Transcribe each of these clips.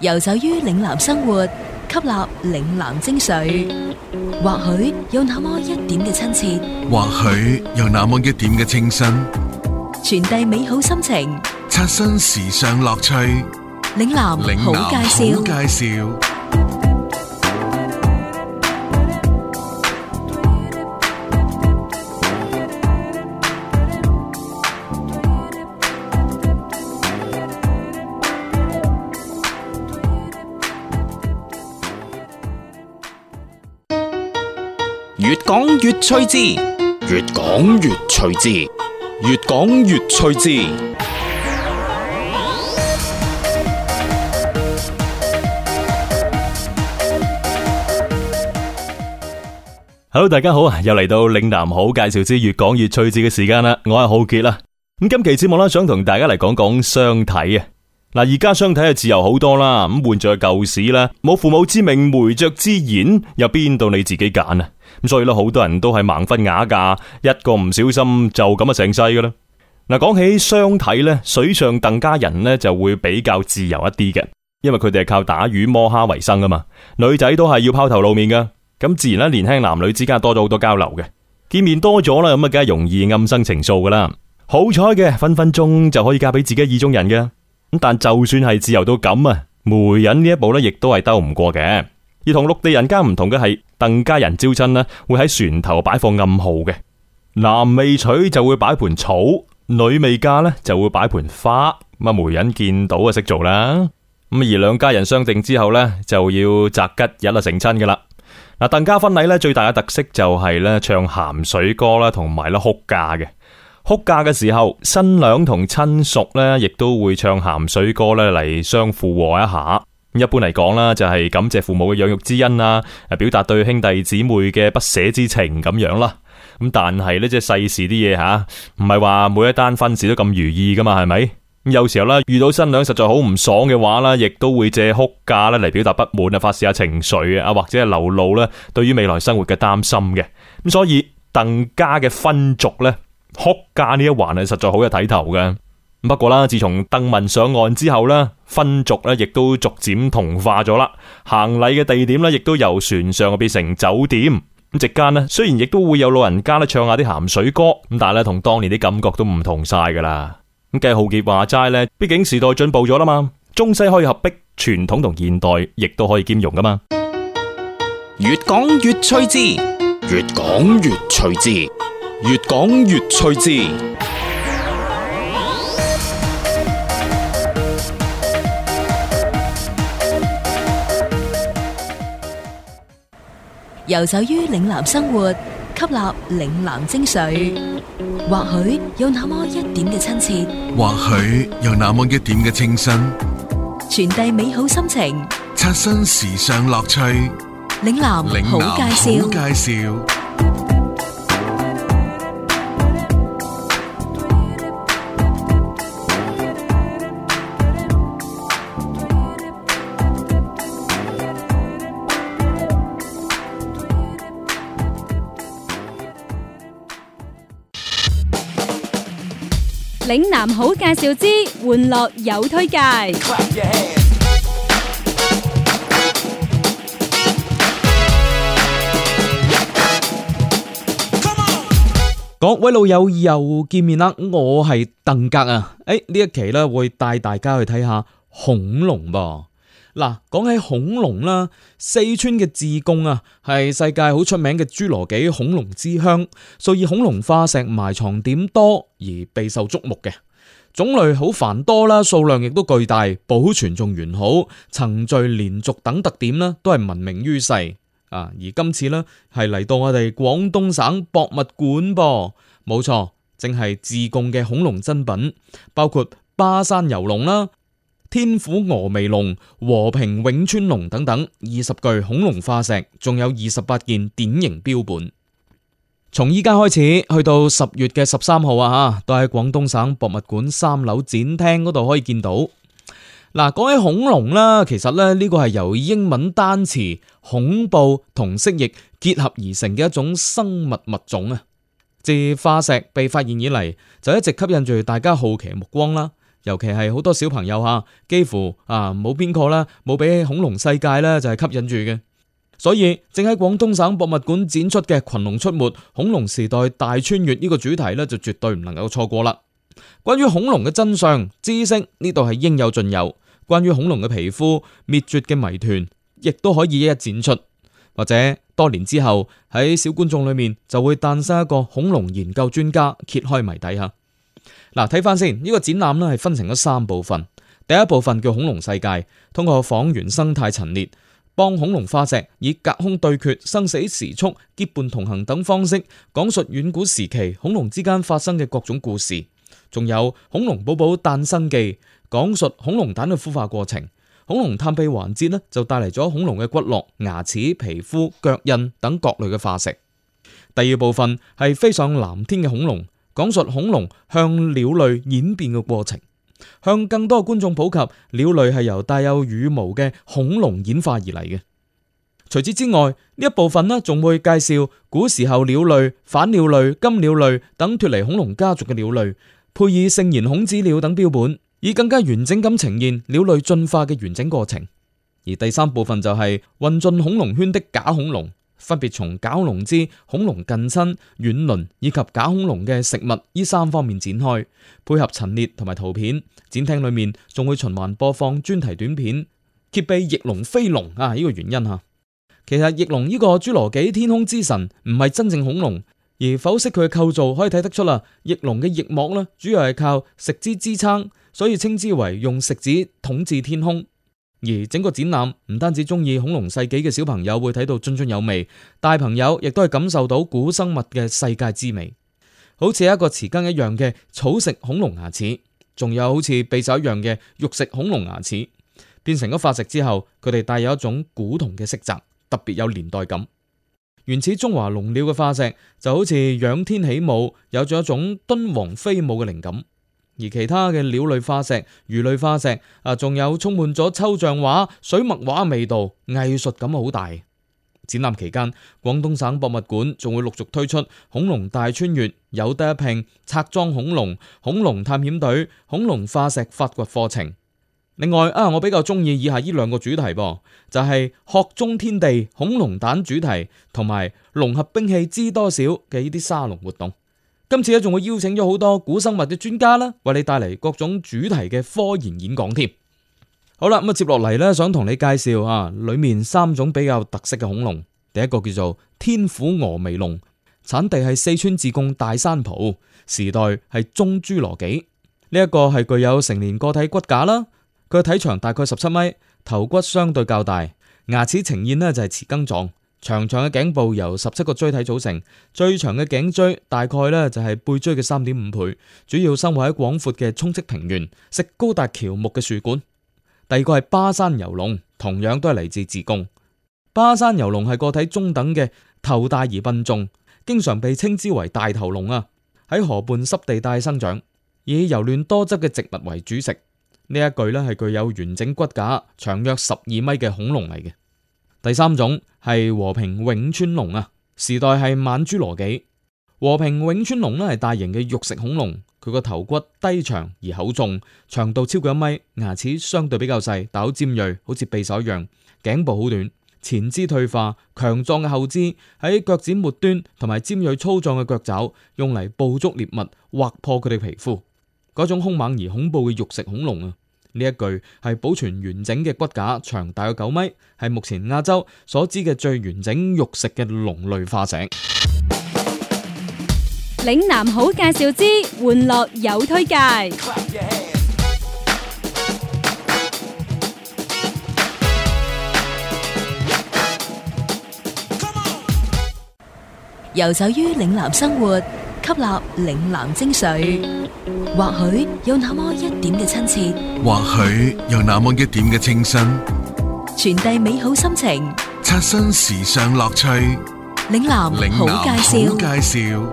遊走於嶺南生活，吸納嶺南精髓，或許有那麼一點嘅親切，或許有那麼一點嘅清新，傳遞美好心情，刷新時尚樂趣。嶺南好介紹，好介紹。越趣緻，越講越趣緻，越講越趣緻。Hello，大家好啊，又嚟到嶺南好介紹之越講越趣緻嘅時間啦。我係浩杰啦。咁今期節目呢，想同大家嚟講講相睇啊。嗱，而家相體係，自由好多啦。咁換咗舊時啦，冇父母之命，媒妁之言，又邊度你自己揀啊？咁所以咧，好多人都係盲婚啞嫁，一個唔小心就咁啊，成世噶啦。嗱，講起相體咧，水上鄧家人咧就會比較自由一啲嘅，因為佢哋係靠打魚摸蝦為生啊嘛。女仔都係要拋頭露面噶，咁自然咧年輕男女之間多咗好多交流嘅，見面多咗啦，咁啊，梗係容易暗生情愫噶啦。好彩嘅，分分鐘就可以嫁俾自己意中人嘅。咁但就算係自由到咁啊，媒人呢一步咧，亦都係兜唔過嘅。而同陸地人家唔同嘅係，鄧家人招親呢會喺船頭擺放暗號嘅。男未娶就會擺盆草，女未嫁呢就會擺盆花。啊，媒人見到啊識做啦。咁而兩家人商定之後呢，就要擇吉日啊成親噶啦。嗱，鄧家婚禮呢最大嘅特色就係咧唱咸水歌啦，同埋咧哭嫁嘅。哭嫁嘅時候，新娘同親屬呢，亦都會唱咸水歌呢嚟相附和一下。一般嚟講啦，就係感謝父母嘅養育之恩啦，誒，表達對兄弟姊妹嘅不捨之情咁樣啦。咁但係呢，即係世事啲嘢吓，唔係話每一單婚事都咁如意噶嘛，係咪？咁有時候呢，遇到新娘實在好唔爽嘅話呢，亦都會借哭嫁呢嚟表達不滿啊，發泄下情緒啊，或者係流露呢對於未來生活嘅擔心嘅。咁所以鄧家嘅婚俗呢。哭嫁呢一環係實在好有睇頭嘅。不過啦，自從鄧文上岸之後呢，分族呢亦都逐漸同化咗啦。行禮嘅地點呢亦都由船上變成酒店咁。席間呢雖然亦都會有老人家咧唱下啲鹹水歌咁，但係咧同當年啲感覺都唔同晒噶啦咁計浩傑話齋呢，畢竟時代進步咗啦嘛，中西可以合璧，傳統同現代亦都可以兼容噶嘛越講越趣致，越講越趣致，越講越趣致，游走於嶺南生活，吸納嶺南精髓，或許有那麼一點嘅親切，或許有那麼一點嘅清新，傳遞美好心情，刷新時尚樂趣。嶺南，嶺南好介紹。嶺南好介紹之，玩樂有推介。各位老友又見面啦，我係鄧格啊！誒，呢一期咧會帶大家去睇下恐龍噃。嗱，講起恐龍啦，四川嘅自貢啊，係世界好出名嘅侏羅紀恐龍之鄉，所以恐龍化石埋藏點多而備受矚目嘅，種類好繁多啦，數量亦都巨大，保存仲完好，層序連續等特點啦，都係聞名於世啊。而今次呢係嚟到我哋廣東省博物館噃，冇錯，正係自貢嘅恐龍珍品，包括巴山游龍啦。天府峨眉龍、和平永川龍等等二十具恐龍化石，仲有二十八件典型標本。從依家開始去到十月嘅十三號啊吓，都喺廣東省博物館三樓展廳嗰度可以見到。嗱、啊，講起恐龍啦，其實咧呢個係由英文單詞“恐怖”同“蜥蜴”結合而成嘅一種生物物種啊。自化石被發現以嚟，就一直吸引住大家好奇目光啦。尤其係好多小朋友吓，幾乎啊冇邊個啦，冇俾恐龍世界啦就係吸引住嘅。所以正喺廣東省博物館展出嘅《群龍出沒：恐龍時代大穿越》呢個主題咧，就絕對唔能夠錯過啦。關於恐龍嘅真相、知識呢度係應有盡有。關於恐龍嘅皮膚、滅絕嘅謎團，亦都可以一一展出。或者多年之後喺小觀眾裏面就會誕生一個恐龍研究專家，揭開謎底吓。嗱，睇翻先，呢個展覽咧係分成咗三部分。第一部分叫恐龍世界，通過仿原生態陳列，幫恐龍化石以隔空對決、生死時速、結伴同行等方式，講述遠古時期恐龍之間發生嘅各種故事。仲有恐龍寶寶誕生記，講述恐龍蛋嘅孵化過程。恐龍探秘環節咧，就帶嚟咗恐龍嘅骨骼、牙齒、皮膚、腳印等各類嘅化石。第二部分係飛上藍天嘅恐龍。講述恐龍向鳥類演變嘅過程，向更多觀眾普及鳥類係由帶有羽毛嘅恐龍演化而嚟嘅。除此之外，呢一部分呢仲會介紹古時候鳥類、反鳥類、今鳥類等脫離恐龍家族嘅鳥類，配以聖賢孔子鳥等標本，以更加完整咁呈現鳥類進化嘅完整過程。而第三部分就係混進恐龍圈的假恐龍。分別從搞龍之恐龍近親、軟鱗以及駭恐龍嘅食物依三方面展開，配合陳列同埋圖片，展廳裏面仲會循環播放專題短片，揭秘翼龍飛龍啊！呢、這個原因啊，其實翼龍呢個侏羅紀天空之神唔係真正恐龍，而剖析佢嘅構造可以睇得出啦，翼龍嘅翼膜呢，主要係靠食指支撐，所以稱之為用食指統治天空。而整個展覽唔單止中意恐龍世紀嘅小朋友會睇到津津有味，大朋友亦都係感受到古生物嘅世界之美。好似一個匙羹一樣嘅草食恐龍牙齒，仲有好似匕首一樣嘅肉食恐龍牙齒，變成咗化石之後，佢哋帶有一種古銅嘅色澤，特別有年代感。原始中華龍鳥嘅化石就好似仰天起舞，有咗一種敦煌飛舞嘅靈感。而其他嘅鳥類化石、魚類化石啊，仲有充滿咗抽象畫、水墨畫味道，藝術感好大。展覽。展覽期間，廣東省博物館仲會陸續推出恐龍大穿越、有得一拼、拆裝恐龍、恐龍探險隊、恐龍化石發掘課程。另外啊，我比較中意以下呢兩個主題噃，就係、是、殼中天地恐龍蛋主題，同埋龍核兵器知多少嘅呢啲沙龍活動。今次咧仲會邀請咗好多古生物嘅專家啦，為你帶嚟各種主題嘅科研演講添。好啦，咁接落嚟咧，想同你介紹啊，裏面三種比較特色嘅恐龍。第一個叫做天府峨眉龍，產地係四川自貢大山鋪，時代係中侏羅紀。呢一個係具有成年個體骨架啦，佢體長大概十七米，頭骨相對較大，牙齒呈現咧就係匙羹狀。長長嘅頸部由十七個椎體組成，最長嘅頸椎大概呢就係背椎嘅三點五倍。主要生活喺廣闊嘅衝積平原，食高大喬木嘅樹冠。第二個係巴山游龍，同樣都係嚟自自貢。巴山游龍係個體中等嘅，頭大而笨重，經常被稱之為大頭龍啊。喺河畔濕地帶生長，以柔軟多汁嘅植物為主食。呢一具呢係具有完整骨架，長約十二米嘅恐龍嚟嘅。第三種係和平永川龍啊，時代係晚侏羅紀。和平永川龍咧係大型嘅肉食恐龍，佢個頭骨低長而厚重，長度超過一米，牙齒相對比較細，但好尖銳，好似匕首一樣。頸部好短，前肢退化，強壯嘅後肢喺腳趾末端同埋尖銳粗壯嘅腳爪，用嚟捕捉獵物，劃破佢哋皮膚。嗰種兇猛而恐怖嘅肉食恐龍啊！呢一具係保存完整嘅骨架，長大約九米，係目前亞洲所知嘅最完整肉食嘅龍類化石。嶺南好介紹之，玩樂有推介。游走於嶺南生活。吸納嶺南精髓，或許有那麼一點嘅親切，或許有那麼一點嘅清新，傳遞美好心情，刷新時尚樂趣。嶺南好介紹。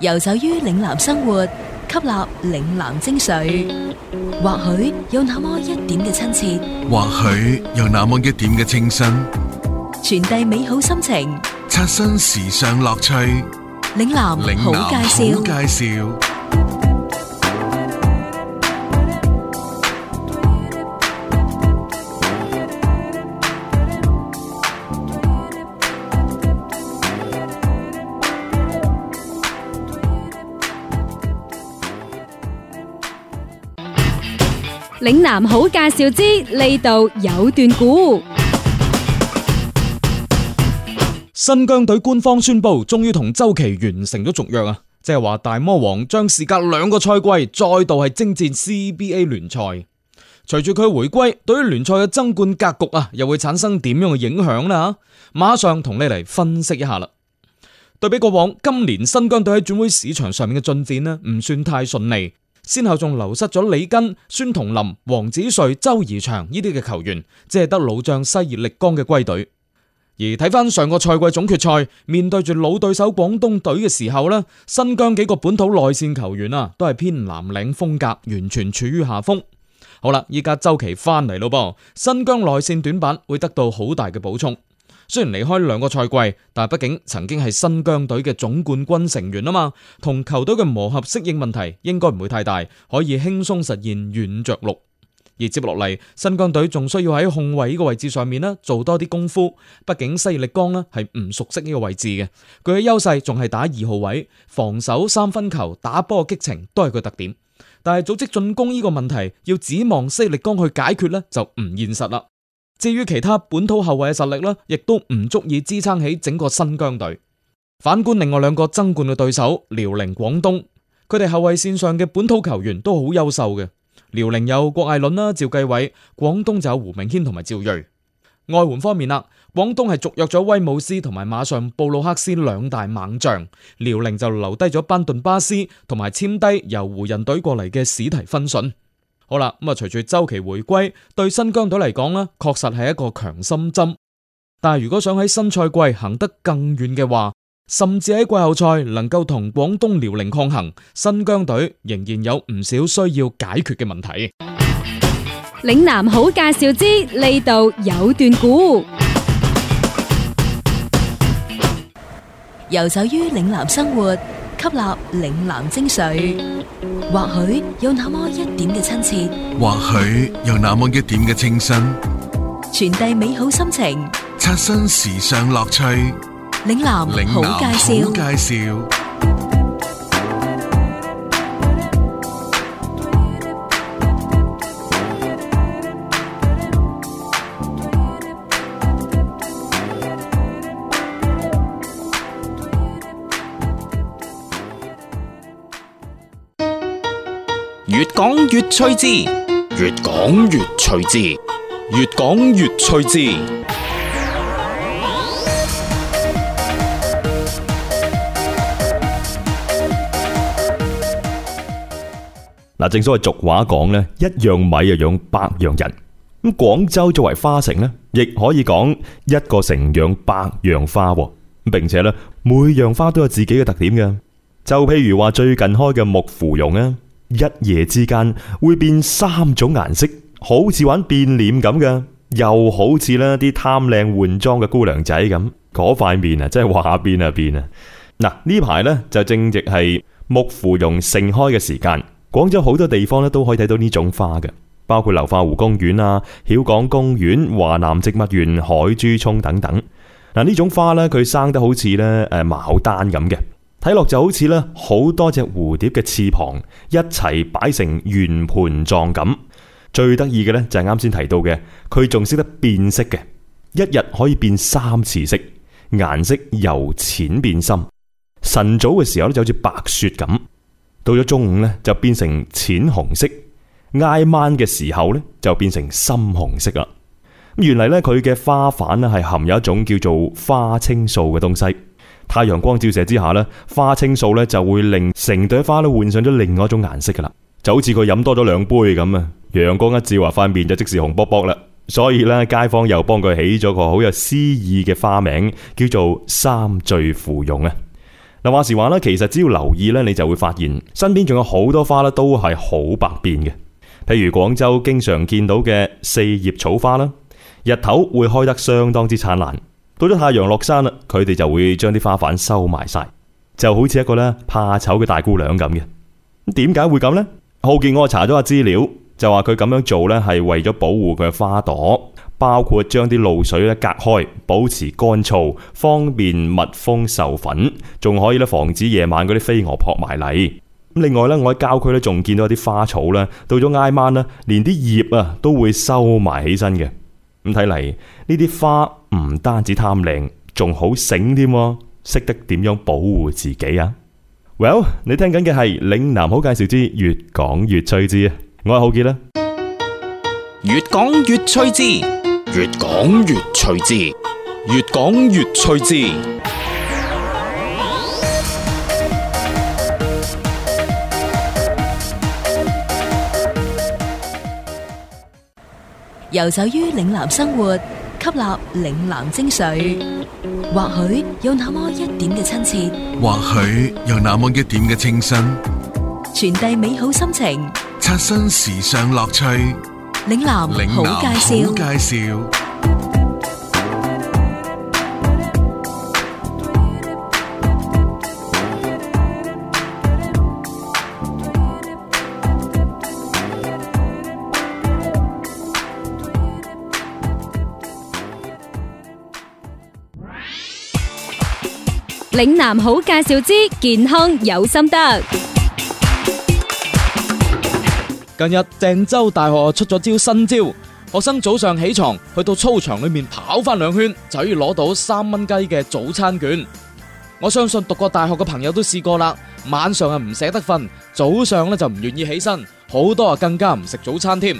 遊走於嶺南生活，吸納嶺南精髓，或許有那麼一點嘅親切，或許有那麼一點嘅清新，傳遞美好心情，刷新時尚樂趣。嶺南好介紹。嶺南好介紹之，呢度有段古。新疆隊官方宣布，終於同周琦完成咗續約啊！即係話大魔王將時隔兩個賽季，再度係征戰 CBA 聯賽。隨住佢回歸，對於聯賽嘅爭冠格局啊，又會產生點樣嘅影響呢？吓，馬上同你嚟分析一下啦。對比過往，今年新疆隊喺轉會市場上面嘅進展呢，唔算太順利。先後仲流失咗李根、孫同林、王子瑞、周儀翔呢啲嘅球員，只係得老將西熱力江嘅歸隊。而睇翻上個賽季總決賽，面對住老對手廣東隊嘅時候呢，新疆幾個本土內線球員啊都係偏藍領風格，完全處於下風。好啦，依家周琦翻嚟咯噃，新疆內線短板會得到好大嘅補充。雖然離開兩個賽季，但係畢竟曾經係新疆隊嘅總冠軍成員啊嘛，同球隊嘅磨合適應問題應該唔會太大，可以輕鬆實現軟着陸。而接落嚟，新疆隊仲需要喺控衛呢個位置上面呢做多啲功夫。畢竟西力江呢係唔熟悉呢個位置嘅，佢嘅優勢仲係打二號位、防守、三分球、打波激情都係佢特點。但係組織進攻呢個問題要指望西力江去解決呢就唔現實啦。至於其他本土後衛嘅實力咧，亦都唔足以支撐起整個新疆隊。反觀另外兩個爭冠嘅對手遼寧、廣東，佢哋後衛線上嘅本土球員都好優秀嘅。遼寧有郭艾倫啦、趙繼偉，廣東就有胡明軒同埋趙睿。外援方面啦，廣東係續約咗威姆斯同埋馬上布魯克斯兩大猛將，遼寧就留低咗班頓巴斯同埋簽低由湖人隊過嚟嘅史提芬遜。好啦，咁啊，隨住周期回歸，對新疆隊嚟講咧，確實係一個強心針。但係如果想喺新賽季行得更遠嘅話，甚至喺季後賽能夠同廣東、遼寧抗衡，新疆隊仍然有唔少需要解決嘅問題。嶺南好介紹之，呢度有段古，游走於嶺南生活。吸納嶺南精髓，或許有那麼一點嘅親切，或許有那麼一點嘅清新，傳遞美好心情，刷新時尚樂趣。嶺南好介紹。越吹字，越講越趣字，越講越趣字。嗱，正所謂俗話講呢，一樣米就養百樣人。咁廣州作為花城呢，亦可以講一個城養百樣花，並且呢，每樣花都有自己嘅特點嘅。就譬如話最近開嘅木芙蓉啊。一夜之間會變三種顏色，好似玩變臉咁嘅，又好似呢啲貪靚換裝嘅姑娘仔咁，嗰塊面啊真係話變啊變啊！嗱呢排呢，就正值係木芙蓉盛開嘅時間，廣州好多地方咧都可以睇到呢種花嘅，包括流花湖公園啊、曉港公園、華南植物園、海珠涌等等。嗱呢種花呢，佢生得好似呢誒牡丹咁嘅。睇落就好似咧好多隻蝴蝶嘅翅膀一齊擺成圓盤狀咁，最得意嘅呢，就係啱先提到嘅，佢仲識得變色嘅，一日可以變三次色，顏色由淺變深。晨早嘅時候咧就好似白雪咁，到咗中午呢，就變成淺紅色，挨晚嘅時候呢，就變成深紅色啦。原嚟呢，佢嘅花瓣咧係含有一種叫做花青素嘅東西。太陽光照射之下咧，花青素咧就會令成朵花都換上咗另外一種顏色噶啦，就好似佢飲多咗兩杯咁啊！陽光一照，塊面就即時紅卜卜啦。所以呢，街坊又幫佢起咗個好有詩意嘅花名，叫做三醉芙蓉啊！嗱話時話啦，其實只要留意呢，你就會發現身邊仲有好多花咧都係好百變嘅，譬如廣州經常見到嘅四葉草花啦，日頭會開得相當之燦爛。到咗太陽落山啦，佢哋就會將啲花瓣收埋晒，就好似一個咧怕醜嘅大姑娘咁嘅。咁點解會咁呢？好奇我查咗下資料，就話佢咁樣做咧係爲咗保護佢嘅花朵，包括將啲露水咧隔開，保持乾燥，方便蜜蜂授粉，仲可以咧防止夜晚嗰啲飛蛾撲埋嚟。另外咧，我喺郊區咧仲見到一啲花草咧，到咗挨晚咧，連啲葉啊都會收埋起身嘅。咁睇嚟，呢啲花唔單止貪靚，仲好醒添，識得點樣保護自己啊！Well，你聽緊嘅係《嶺南好介紹之越講越趣之》，我係浩杰啦。越講越趣之，「越講越趣之，「越講越趣之。越遊走於嶺南生活，吸納嶺南精髓，或許有那麼一點嘅親切，或許有那麼一點嘅清新，傳遞美好心情，刷新時尚樂趣。嶺南好介紹，嶺南好介紹。嶺南好介紹之健康有心得。近日鄭州大學出咗招新招，學生早上起床去到操場裏面跑翻兩圈，就可以攞到三蚊雞嘅早餐券。我相信讀過大學嘅朋友都試過啦。晚上啊唔捨得瞓，早上呢就唔願意起身，好多啊更加唔食早餐添。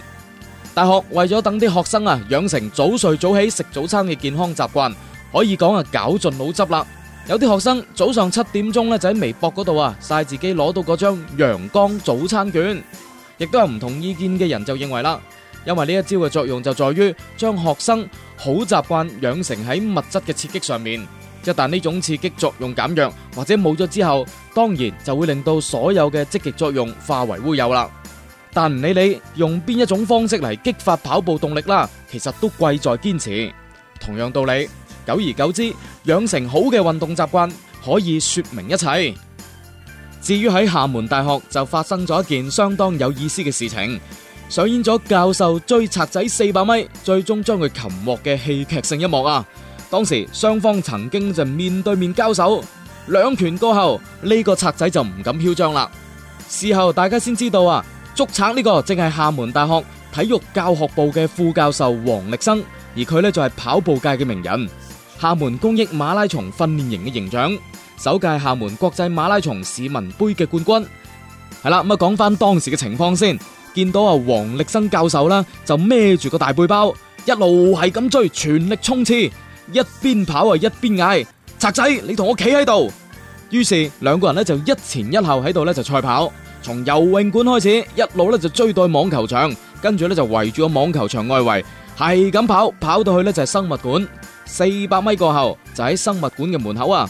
大學為咗等啲學生啊養成早睡早起食早餐嘅健康習慣，可以講啊絞盡腦汁啦。有啲學生早上七點鐘咧，就喺微博嗰度啊晒自己攞到嗰張陽光早餐券，亦都有唔同意見嘅人就認為啦，因為呢一招嘅作用就在於將學生好習慣養成喺物質嘅刺激上面，一旦呢種刺激作用減弱或者冇咗之後，當然就會令到所有嘅積極作用化為烏有啦。但唔理你用邊一種方式嚟激發跑步動力啦，其實都貴在堅持，同樣道理。久而久之，養成好嘅運動習慣可以說明一切。至於喺廈門大學就發生咗一件相當有意思嘅事情，上演咗教授追賊仔四百米，最終將佢擒獲嘅戲劇性一幕啊！當時雙方曾經就面對面交手，兩拳過後，呢個賊仔就唔敢囂張啦。事後大家先知道啊，捉賊呢個正係廈門大學體育教學部嘅副教授王力生，而佢呢就係跑步界嘅名人。廈門公益馬拉松訓練營嘅營長，首屆廈門國際馬拉松市民杯嘅冠軍，係啦。咁啊，講翻當時嘅情況先，見到啊黃力生教授啦，就孭住個大背包，一路係咁追，全力衝刺，一邊跑啊一邊嗌：賊仔，你同我企喺度。於是兩個人呢就一前一後喺度呢就賽跑，從游泳館開始，一路呢就追到網球場，跟住呢就圍住個網球場外圍係咁跑，跑到去呢就係、是、生物館。四百米過後，就喺生物館嘅門口啊，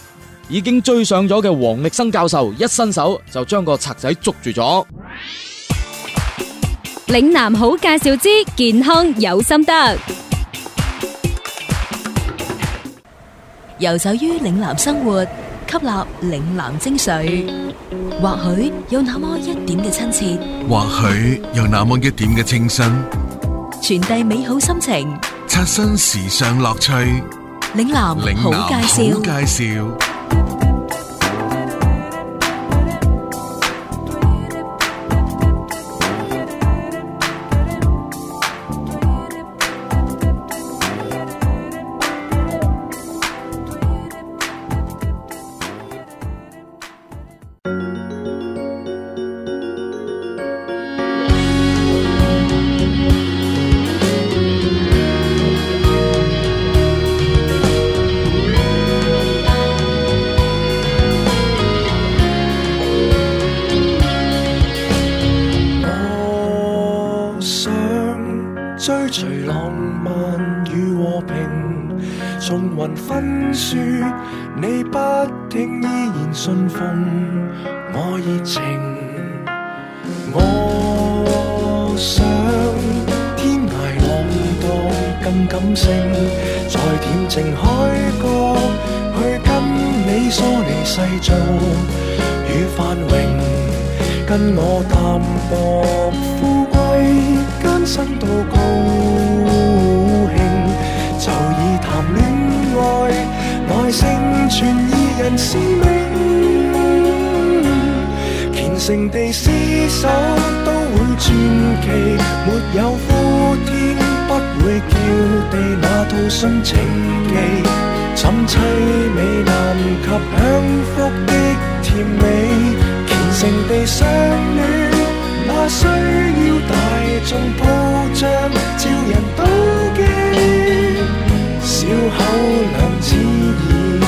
已經追上咗嘅黃力生教授一伸手就將個賊仔捉住咗。嶺南好介紹之健康有心得，游走於嶺南生活，吸納嶺南精髓，或許有那麼一點嘅親切，或許有那麼一點嘅清新，傳遞美好心情。刷新時尚樂趣，嶺南嶺南好介紹。情海角去跟你梳離世俗與繁榮，跟我淡薄富貴艱辛到高興，就以談戀愛，耐性全以人使命，虔誠地廝守都會傳奇，沒有天。不會叫地那套殉情記，怎悽美難及幸福的甜味，虔誠地相戀，那需要大眾鋪張，叫人妒忌，笑口兩字而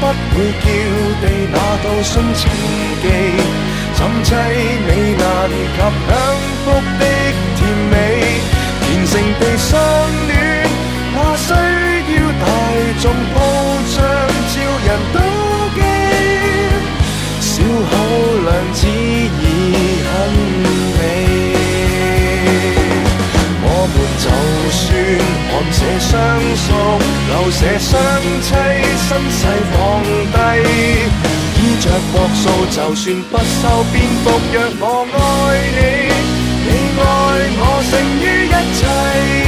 不會叫地那套殉情記，怎悽美難及幸福的甜美？虔誠地相戀，那需要大眾鋪張招人妒忌，小口兩子已很美。我們就算寒酸雙宿，陋舍雙棲。依着樸素，就算不修邊幅，若我愛你，你愛我勝於一切。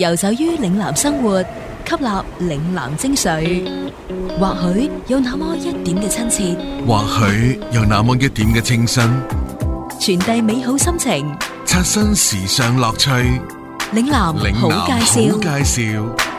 遊走於嶺南生活，吸納嶺南精髓，或許有那麼一點嘅親切，或許有那麼一點嘅清新，傳遞美好心情，刷新時尚樂趣。嶺南好介紹。